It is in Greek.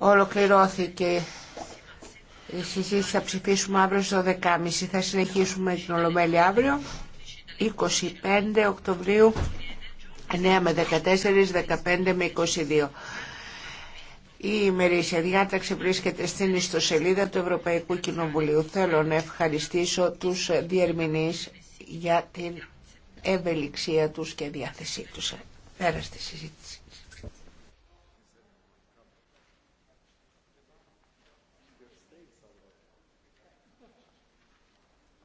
Ολοκληρώθηκε η συζήτηση. Θα ψηφίσουμε αύριο στο 12.30. Θα συνεχίσουμε την Ολομέλη αύριο, 25 Οκτωβρίου, 9 με 14, 15 με 22. Η ημερήσια διάταξη βρίσκεται στην ιστοσελίδα του Ευρωπαϊκού Κοινοβουλίου. Θέλω να ευχαριστήσω τους διερμηνείς για την ευελιξία τους και διάθεσή τους. Πέρα στη συζήτηση.